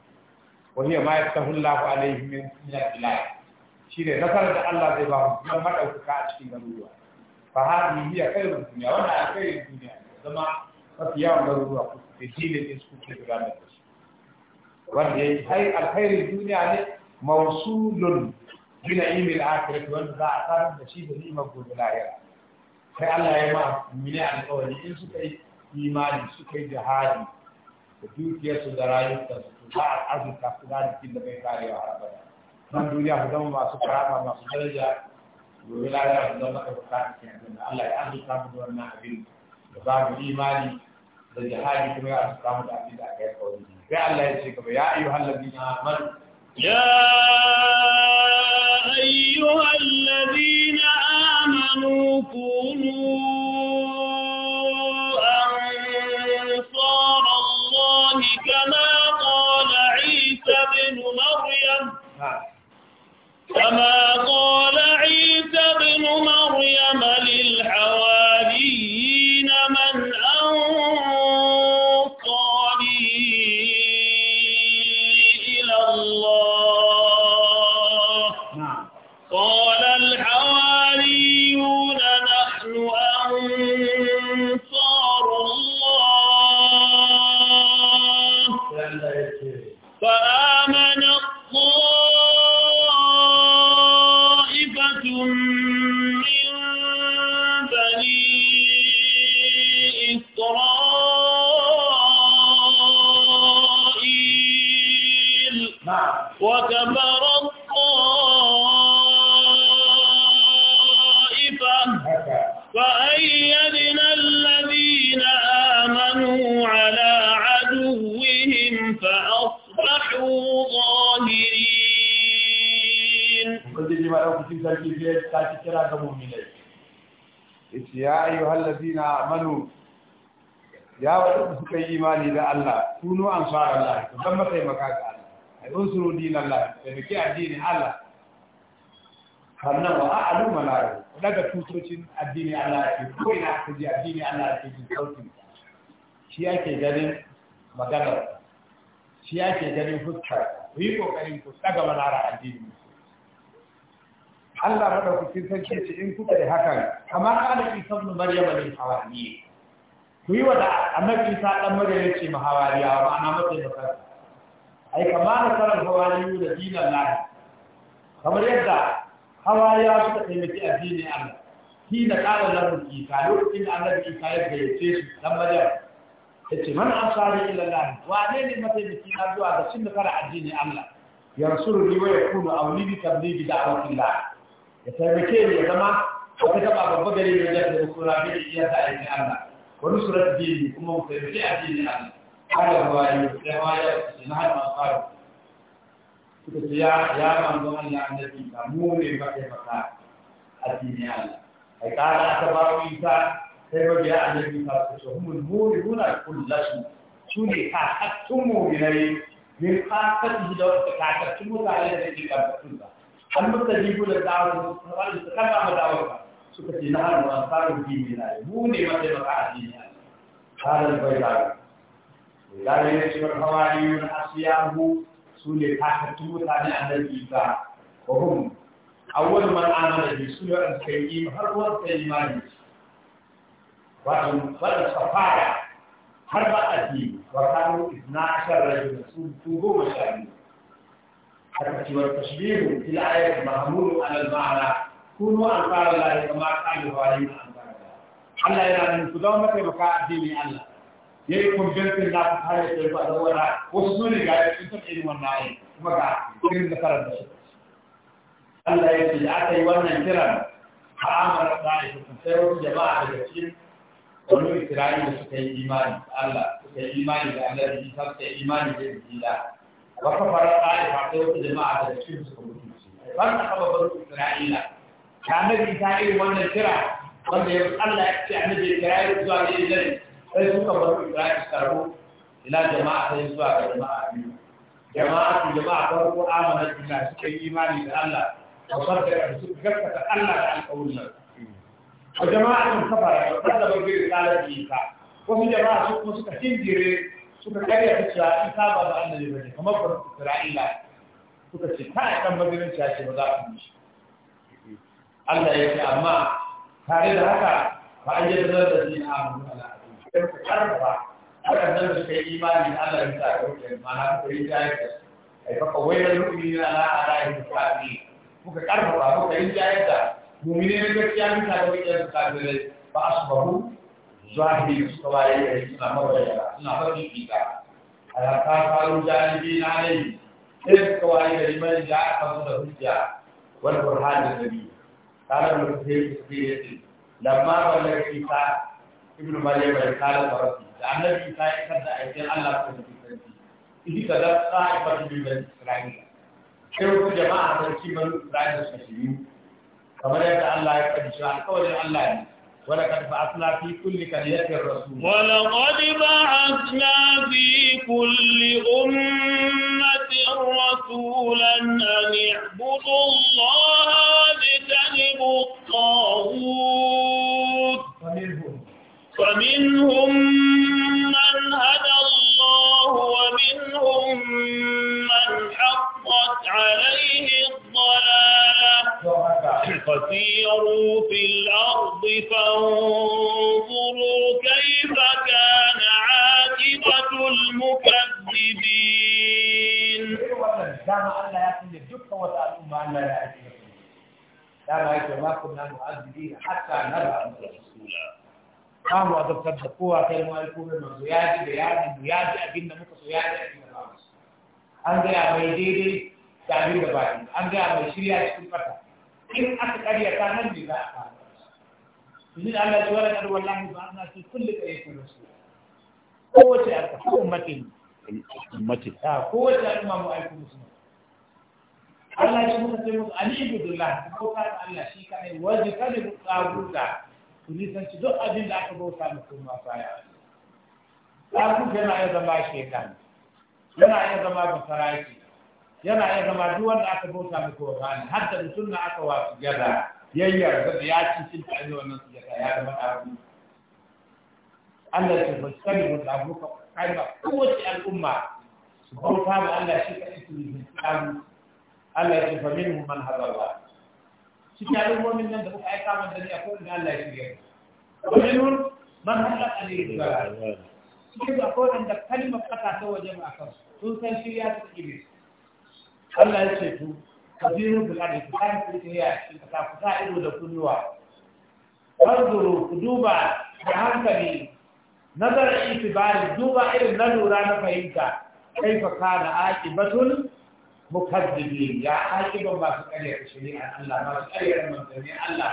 wa hiya ma yaftahu Allahu alaihi min al Shi ne nasarar da Allah zai ba mu dan madaukaka a cikin garuruwa fa hadi hiya khairun dunya wannan alkhairin duniya zama mafi yawan garuruwa ku ke dile ne su ke gudanar da su. wanda ya kai alkhairin duniya ne mawsulun gina imil akhirati wanda za a samu da shi da ni'imar gobe lahira sai Allah ya ma mini alkawari in suka yi imani suka yi jihadi da dukiyarsu da rayukansu su za a azurta su da jikin da bai karewa har abada nan duniya su zama masu karama masu daraja gobe lahira su zama ɗaukaka cikin Allah ya arzika mu da wannan abin da ba mu imani da jihadi kuma ya su samu da abin da aka yi kawai sai Allah ya ce kuma ya ayyuhal ladina amanu ya ayyuhal ladina amanu kunu كما قال عيسى ابن مريم كما قال sake kira ga mu'minai Ita ya ayyuhal ladina amanu ya wadanda suka yi imani da Allah kunu dan ma zama maka ga Allah ay unsuru dinallah taimaki addini Allah sannan wa a'lu malai daga tutocin addini Allah ke ko ina ka ji addini Allah ke ji sautin shi yake ganin maganar shi yake ganin fuskar ku yi kokarin ku daga malara addini Allah madaukakin sarki ce in kuka yi hakan amma kana Isa ibn Maryam ne hawariye ku yi wa da annabi Isa dan Maryam yace ma ana ma'ana mutane da ai kama na karar hawariyu da dinan lahi kamar yadda hawariya suka taimaki addinin Allah shi da ƙara lafin Isa lokacin da annabi Isa ya gayyace shi dan Maryam yace man ansari ila Allah wane ne mataimaki na zuwa ga shin da kara addinin Allah ya ni wa yakunu awlidi bi tablighi da'watillah ya taimake ni ya zama wata taba babba gare ni wajen da sura ne ya sa aiki Allah wani sura dini kuma mu taimake addini Allah Allah ba ya yi da ma ya na har fara suka ce ya ya manzo Allah annabi ka mu ne ba kai maka addini Allah ai kara ta bawo isa sai ba ya annabi ka su humul mu'minuna kullashu shine ka hattun mu'minai min qasatihi da wata ka hattun mutane da ke karɓar an muka jibu da tsawon su kan kama dawar ba suka ce na hannu a tsarin dini na yi mu ne mace maka a dini a tsarin bai da yi da yi ne cikin hawari yin asiyahu su ne ta takattun mutane a nan isa ko hun awwal man amana bi su ne an kai yi har wani kai imani wato wadda safara har ba a dini wa kanu 12 rajul su goma sha biyu التي والتشبيه في الآية محمول على المعنى كونوا أنصار الله كما قال إبراهيم أنصار الله الله يلا من كدوم مكة مكة ديني الله يكون بنت الناس هاي تلقى دورة وصلني قاعد أنتم إلى وناي مكة كريم ذكر الله يجزي أتى وانا كرم فأمر الله سيروا جماعة الجن ونور إسرائيل سكي إيمان الله سكي إيمان الله سكي إيمان بالله وكفرت طائفة قوة جماعة الشمس فانتقب بنو إسرائيل كان إسرائيل وانا الكرة وانا يقول الله يعمل الكرة يزوى لإذن فيسوك بنو إسرائيل اشتروا إلى جماعة يزوى جماعة جماعة جماعة فرقوا آمنت بالله سكي إيماني بالله وصدق رسول جفتك الله عن قولنا وجماعة كفرت وكذبوا برسالة إيسا وفي جماعة سكوا سكتين جريت suka karya ta cewa in ta ba da annabi bane kamar ba Isra'ila suka ce ta yi dan mazirin ta ce ba za ku yi Allah ya ce amma tare da haka ba an yadda da ni a mun al'adun. sai ku karba waɗannan da suka yi imani Allah ya sa ku ma na ku yi ta yi ai fa kawai da ruhi na ala ala ya ku fadi kuka karba kuka yi ta yi da na gaskiya mutane da kafirai ba a su asbahu zahiri suka waye gari suna mabayara suna farin fika a ta faru janibi na alaihi sai suka waye gari mai da aka su da hujja wani burhani da nabi da mu sai su ce yace lamma wallar isa ibnu maryam ya kada da annabi isa ya kada aikin Allah ko da kisanci idi kada sa'ifatu min bani isra'il sai ku jama'a sarki bani isra'il su shiru kamar yadda Allah ya kaddisa alkawarin Allah ne ولقد بعثنا في كل قرية رسولا ولقد بعثنا في كل أمة رسولا أن اعبدوا الله واجتنبوا الطاغوت فمنهم فمنهم من هدى الله ومنهم من حقت عليه فسيروا في الأرض فانظروا كيف كان عاقبة المكذبين دعنا أن يأتي الجبت وتألوم أن لا يأتي دعنا أيضا ما كنا نؤذي به حتى نرى أن تسكولا قام وأدب تبقوا وكلموا يكون من زيادة بيادة بيادة أجلنا متصيادة أجلنا أنت يا ميديري تعبير بعدين أنت يا ميشريا تكون فتح in aka karya karyata nan ne za a fara Yanzu da Allah ya wala da wallahi ba ana ci kullu kare ta rasu. Kowace al'umma ko ummatin ummatin ta ko kowace al'umma mu aiki musu. Allah ya muka ce musu ani ibudullah ko ka Allah shi ka ne waje ka ne tsabuta ku ni san ci duk abin da aka bauta musu ma baya. Tsabuta yana ya zama shekaru. Yana ya zama basaraki. yana iya zama duk wanda aka bauta mai gani har da mutum na aka wasu gada yayyar da ya ci cin ta ne wannan sujada ya zama da Allah ya fasari da ka kai ba kowace al'umma su bauta da Allah shi ka isi da Allah ya fa minhum man hadalla yi al'ummomin nan da kuka aika man da ni ko da Allah ya shirya wa minhum man hadalla alayhi wa sallam cikin akwai da kalmar kasa ta wajen kan, sun san shirya ta iblis Allah ya ce tu kafirin bukari ku kan kirkiri a cikin kasa ku sa ido da kunnuwa farzuru ku duba da hankali nazarin itibari duba irin na lura na fahimta kai fa kana aqibatul mukazzibin ya aqiban masu ƙarya shari'a Allah masu ƙarya ne Allah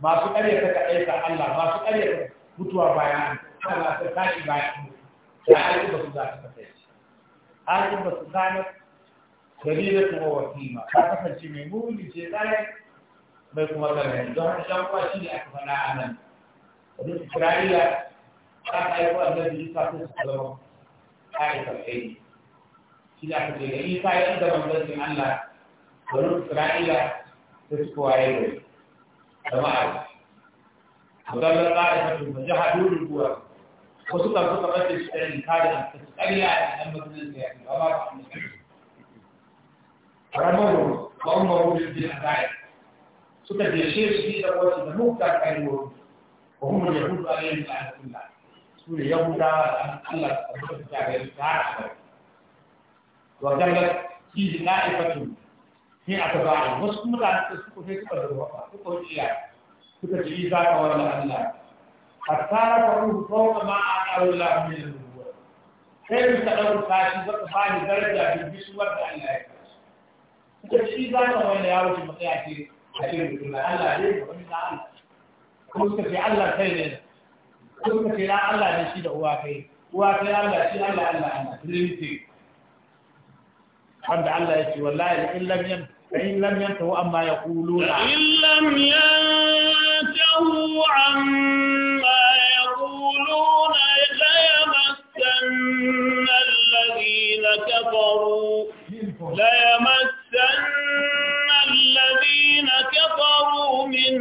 masu ƙarya ta kaɗaita Allah masu ƙarya mutuwa bayan Allah ta tashi bayan ya aqiba su za ta kaɗaita aqiba su gane sarira kuma wasima ta kasance mai muni ce tsaye mai kuma tsanani don haka shan kuma shi ne aka faɗa a nan wajen isra'ila ta haifu annabi isa ko su zama ta'aikar aiki shi ne aka ce da isa ya inda manzancin allah wajen isra'ila ta suka waye gari jama'a Musallar ƙa'ida ta jihar Dudu Buwa, wasu kan suka ɓace shi ɗari kada da su ƙarya a ɗan mutumin da ya fi ba ba ba ramaru wa umaru bil bi'adai suka deshe su yi da wasu da nukta kai wuri wa hum yahudu alayhi la'anatullah su ne yahuda Allah subhanahu wa ta'ala ya tsara wa gallat fi na'ifatun ni atba'i wasu mutane su suka sai suka da wafa suka iya suka ci isa ka wannan Allah tsara ka ruhu fawqa ma a'allahu min al ruwa sai suka dauka shi zaka bani daraja bi bisuwar da Allah ya da shi za ka wani ya wuce matsaya ce a ce mutum na Allah ne wani na Allah ko suka ce Allah kai ne ko suka ce na Allah ne shi da uwa kai uwa kai Allah shi Allah Allah Allah trinity wanda Allah ya ce wallahi in lam yan in lam yantahu amma yaquluna in lam yantahu amma yaquluna la yamassanna alladhina kafaru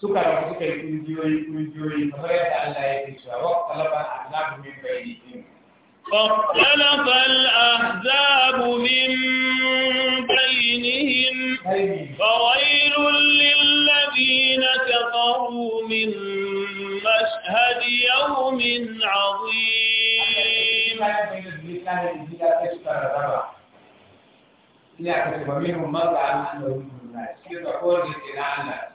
فاختلف الاحزاب من بينهم فويل للذين كفروا من مشهد يوم عظيم لا تكتب منهم مرة على الناس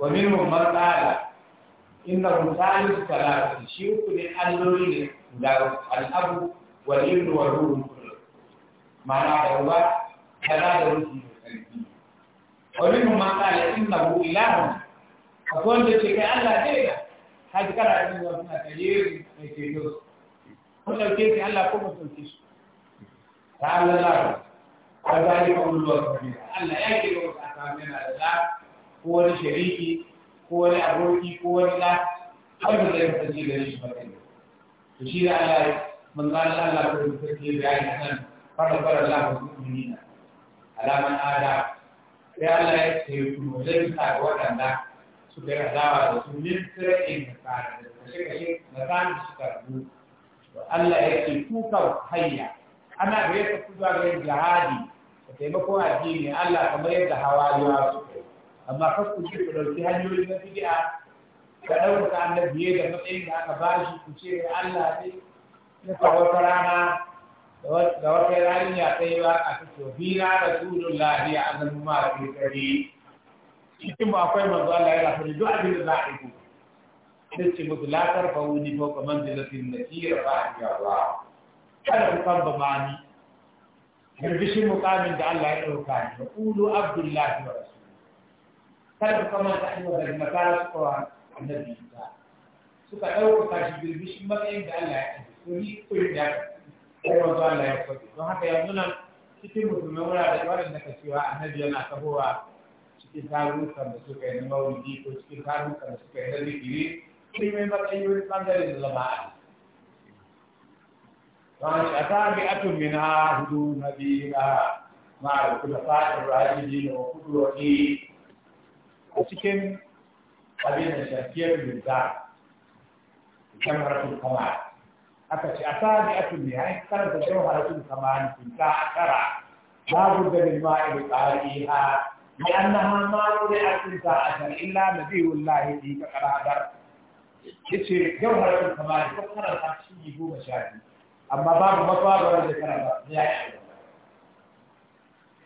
ومنهم من قال إنه ثالث ثلاثة شيوخ لو الأب والابن والروح معناه هو ثلاثة وجه ومنهم من قال إنه إله أقول لك الله دينا هذا كلام من ربنا كثير كثير قلنا كيف الله كم تنتش تعالى الله وذلك أول الله الله يكفي أكرمنا الله ko wani shariki ko wani aboki ko wani ɗa har ba zai kasance da shi ba kai to shi da Allah ya manzo Allah ko da take bayani nan fara fara Allah ko na. alaman ada sai Allah ya ce ku mu zai ta ga wadanda su yi adawa da su min sirrin da fara kashe kashe na zan su karbu Allah ya ce ku ka hayya ana gare ku zuwa ga jihadi da taimakon addini Allah kamar yadda hawariwa suka yi amma hakku ce ku dauki hanyoyi na bid'a ka ɗaukaka annabi da matsayin da aka bashi ku ce Allah ne na wata rana da wata yarinya ta yi waka ta ce bina rasulullah ya azan ma fi kari cikin ba akwai manzo Allah ya rafa duk abin da za a yi ku sai ce musu la tarfa wuni ko kaman da lafi na kira ba ya ba kada ku kamba mani birbishin mukamin da Allah ya ɗauka ni qulu abdullahi wa rasul kada ku kama da ayyuka da makara su kawa annabi Isa suka ɗaukaka shi birbishin matsayin da Allah ya ɗauki ko ni ko yi da kai wanzu Allah ya faɗi don haka yanzu nan cikin musulmai wurare waɗanda ka cewa annabi yana tahowa cikin tarurrukan da suka yi na mawulidi ko cikin tarurrukan da suka yi na zikiri sai mai matsayi wani ɓangare da zama a وعن أتابعة منها هدوء نبيها مع الخلفاء الراشدين وقدوته cikin abin da shafiyar yuza jamratul kamal aka ce a sani a tuni ya yi karanta jamratul kamal tun ta akara babu da bilma ilu ƙari'a لأنها ما وضعت ساعة إلا نبي الله في كقرادر يصير جوهر الكمال فكر الحشي هو مشاهد أما باب مصاب ولا ذكر الله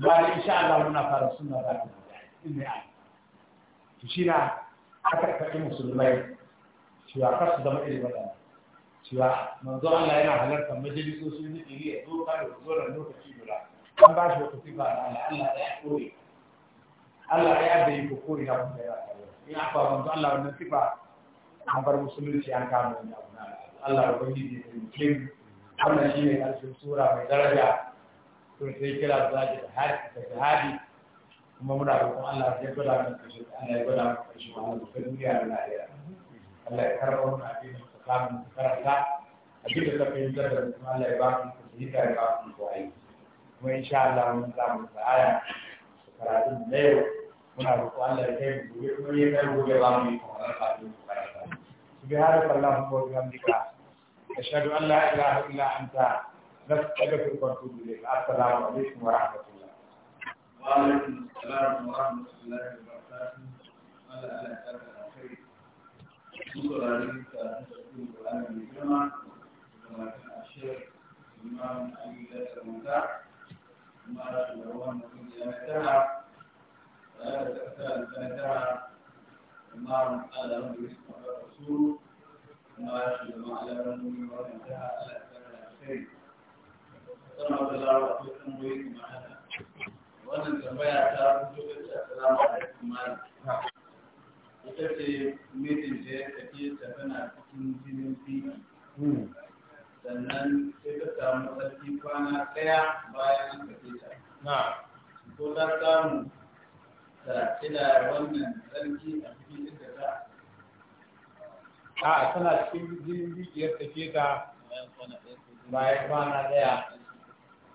bayan insha Allah muna fara suna da in ne ai to shi na aka kaɗi musulmai cewa kar su zama irin waɗanda cewa manzo Allah yana halarta majalisoci na iri ya zo kare zo da lokaci guda an ba shi wata sifa na Allah Allah ya kore Allah ya da yi kokori na kuma ya kare in aka manzo Allah wannan sifa an bar musulunci an kama wani abu na Allah ya ubangiji ya yi wannan shi ne ƙarshen sura mai daraja sun sai kira da zaki da har da jihadi kuma muna roƙon Allah sai gwada mana kashi Allah ya gwada mana kashi wa Allah ta duniya da lahira Allah ya karɓa mana addinin ka kamun ka a abin da ka fahimtar da kuma Allah ya ba mu ka fahimta ya ba mu ka aiki kuma insha Allah mun samu sa'aya karatun da yau muna roƙon Allah ya kai mu gobe kuma ya kai gobe ba mu yi kuma Allah ya karanta subhanaka allahumma wa bihamdika ashhadu an la ilaha illa anta نستغفرك ونتوب اليك السلام عليكم ورحمه الله وعليكم السلام ورحمه الله وبركاته على اهل الخير القران كان الشيخ الامام sana wa dalawa akwai tambayoyi kuma haka wannan tambaya ta fito da ta salama da kumari ita ce mijin da ya tafi ta tana cikin jinin biki sannan sai ka samu tsarki kwana ɗaya bayan an tafi ta Na ko ta samu ta kila wannan tsarki a cikin inda ta a tana cikin jinin biki tafi ta bayan kwana ɗaya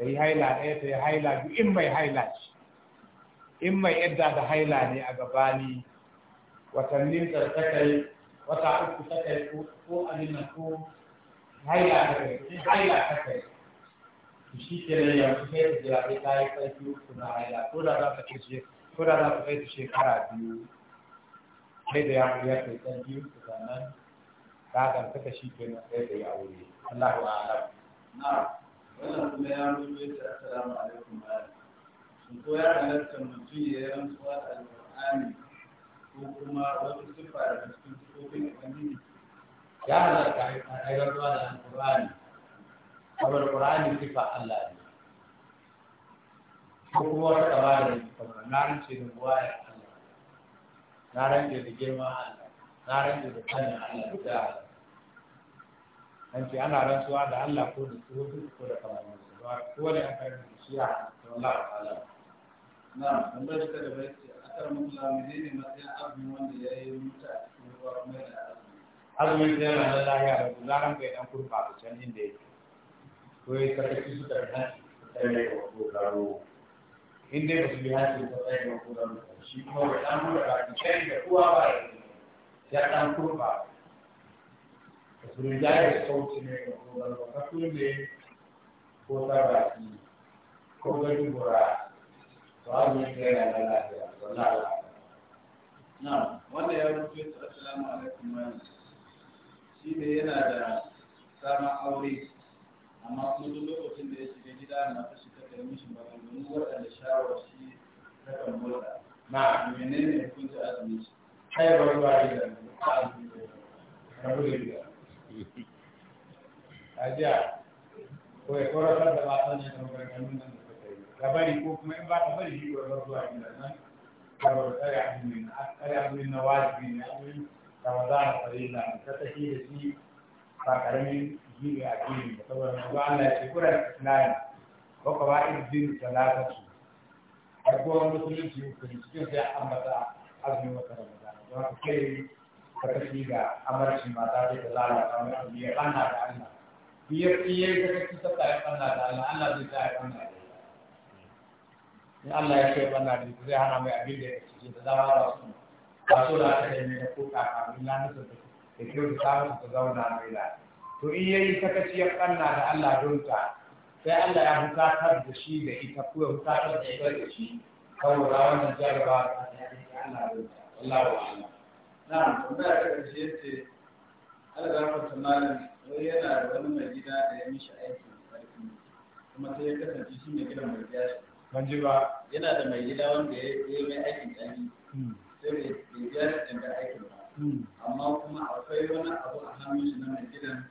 ta yi haila ɗaya ta yi haila biyu in mai haila ce in mai yadda da haila ne a gabani watannin da ta kai wata uku ta kai ko ko alina ko haila ta kai in haila ta kai shi ke ya yanzu sai ta jira kai ta yi ku na haila ko da za ka kace ko da za ka kai ta shekara biyu sai da ya ya kai ƙarfi uku sannan ta ta shi ke nan sai da ya aure Allahu a'lam na'am wannan kuma ya rubuta a ce assalamu alaikum malam sun ko ya halatta mutum ya yi rantsuwa alƙur'ani ko kuma wasu siffa da cikin sifofin ubangiji ya halatta a yi rantsuwa da alƙur'ani kamar ƙur'ani siffa Allah ne ko kuma wata ƙaba da kamar na rance da buwaya Allah na rance da girma Allah na rance da sanin Allah da an ce ana rantsuwa da Allah ko da su tsohon ko da kamarin su ba ko da an karbi shi a Allah ta ala na tambayar ta da bai ce akar mulla menene matsayin azumi wanda ya yi mutu cikin ruwa kuma da azumi azumi da Allah yana ya rabu da ran kai dan kurfa a can inda yake ko yi ya karbi su da ta da ya ko garo in dai ba su bi hankali ko ta ya ko garo shi kuma bai dan mura da kai da uwa ba ya dan kurfa rinjaye sauti ne ga tsoron wakatu ne ko taraki ko gari bura ba mu yi na lafiya na wanda ya rubuce su assalamu alaikum wani shi ne yana da samun aure amma kuma duk lokacin da ya shiga gida na ta shiga da mishi maganganu waɗanda shawar shi ta kan motsa na menene hukunci azumi shi kai ba ruwa da azumi da rabu da gida ajiya ko ya koratar da nan da ka bari ko kuma in ba bari shi zuwa ka na tsare azumin na wajibi ne azumin ramadana ta tafi da shi ba karamin a gini ba saboda mazu Allah ya ce kuran ko ka ba a musulunci cikin sai an azumin wata ramadana kai karfi ga ya banna da Allah biyar in ta da Allah Allah zai Allah ya da zai hana mai abin da ya da da ko da ta zauna mai to in yayi ka kaci da Allah don ta sai Allah ya hukatar da shi da ita ko ya da ita da shi wannan jarabawa da Allah ya Allah Allah na tambaya ta ƙarshe ce algarfar malam wai yana da wani mai gida da ya mishi aiki sarki kuma sai ya kasance shi mai gidan mai gida ban ji ba yana da mai gida wanda ya yi mai aikin tsani hmm. sai bai biya shi da aikin ba hmm. amma kuma akwai wani abu a hannun shi na mai gidan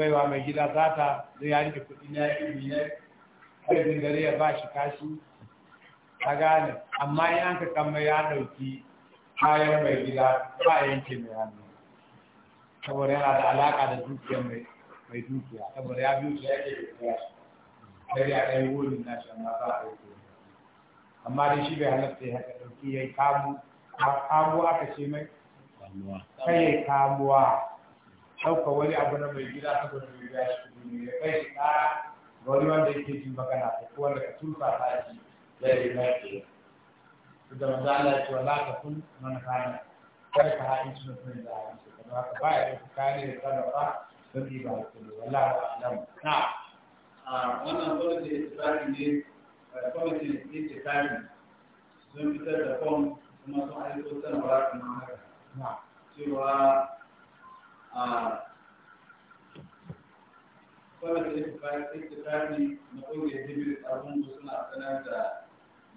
baiwa mai gida za ta zai yari da kudi na yi ne ƙarfin dare ya ba shi kashi ta gane amma in an ka kama ya ɗauki kayan mai gida ba a yanke mai hannu saboda yana da alaka da dukiya mai dukiya saboda ya biyu ya ke da sai ya ɗaya wuri na shi amma ba a yanke amma dai shi bai halatta ya haka dauki ya yi kamuwa aka ce mai kai kamuwa ɗauka wani abu na mai gida saboda mai gida shi kuɗi ya kai shi ƙara ga wani wanda yake jin magana ko ko wanda ka turfa ta shi ya yi lafiya to da manzo Allah ya ce wala ka kun man kana kada ka haɗin shi mutum da haɗin shi kamar haka ba ya ɗauka kayan da ba, don yi ba hakuri wala wa alam na wannan gwamnati ya tsari ne kwamitin ya ce tsari sun fitar da fom kuma sun aiko sanarwa kamar haka cewa kawai da bayan ikitari na ƙungiyar hibir abin da suna sanar da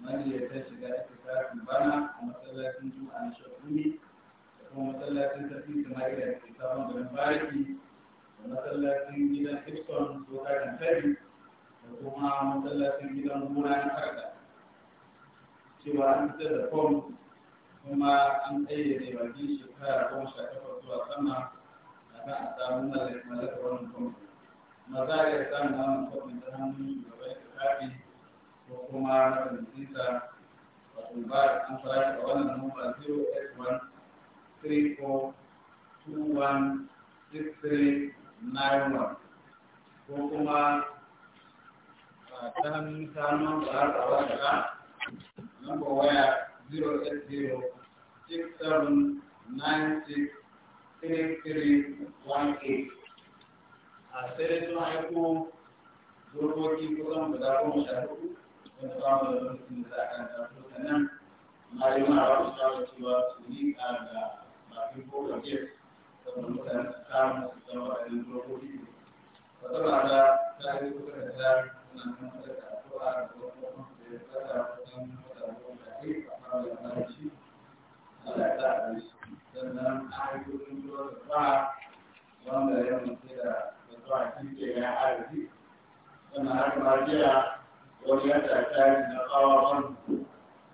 maniyyatan shiga ikitarin bana a masallacin juma'a na shakuni da kuma masallacin tafi samari da ke sabon garin bariki da masallacin gidan ibson ko karin tari da kuma masallacin gidan gona na karka cewa an fitar da fom kuma an tsaye da bakin shekara goma sha takwas zuwa sama na a samu mallaka wannan kwamfuta maza ya samu wannan kwamfuta ta hannun shugaban kitabi ko kuma na kwamfuta wato ba a an fara da wannan nomba 081 ko kuma ta hannun samun tsara a wata number waya 080 three three one a sai dai sun aiko ko zan guda goma sha hudu wanda ba mu da lokacin da za a kanta su sannan malaman a wasu shawo cewa su yi ƙara da mafi program yes saboda mutane su samu su zama waɗannan dokoki ba saboda da ta yi da suna kan kusa da kowa da kuma da ya tsada kusan kusa da kuma da ya fara da shi Allah ya sa a shi sannan ayoyin suratul ba wanda ya mutu da mutuwa kike ya arziki sannan haka ma jiya wani ya tafi na tsawon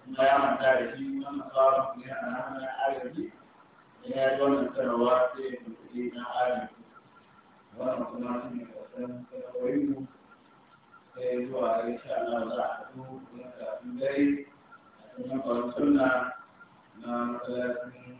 na ya manta da shi wannan tsawon ne a hannun arziki da ya yi wannan sanarwa sai ya mutu na arziki wannan kuma shi ne kasan mu sai zuwa insha Allah za a haɗu wani kafin dare a cikin farusunna na matsalacin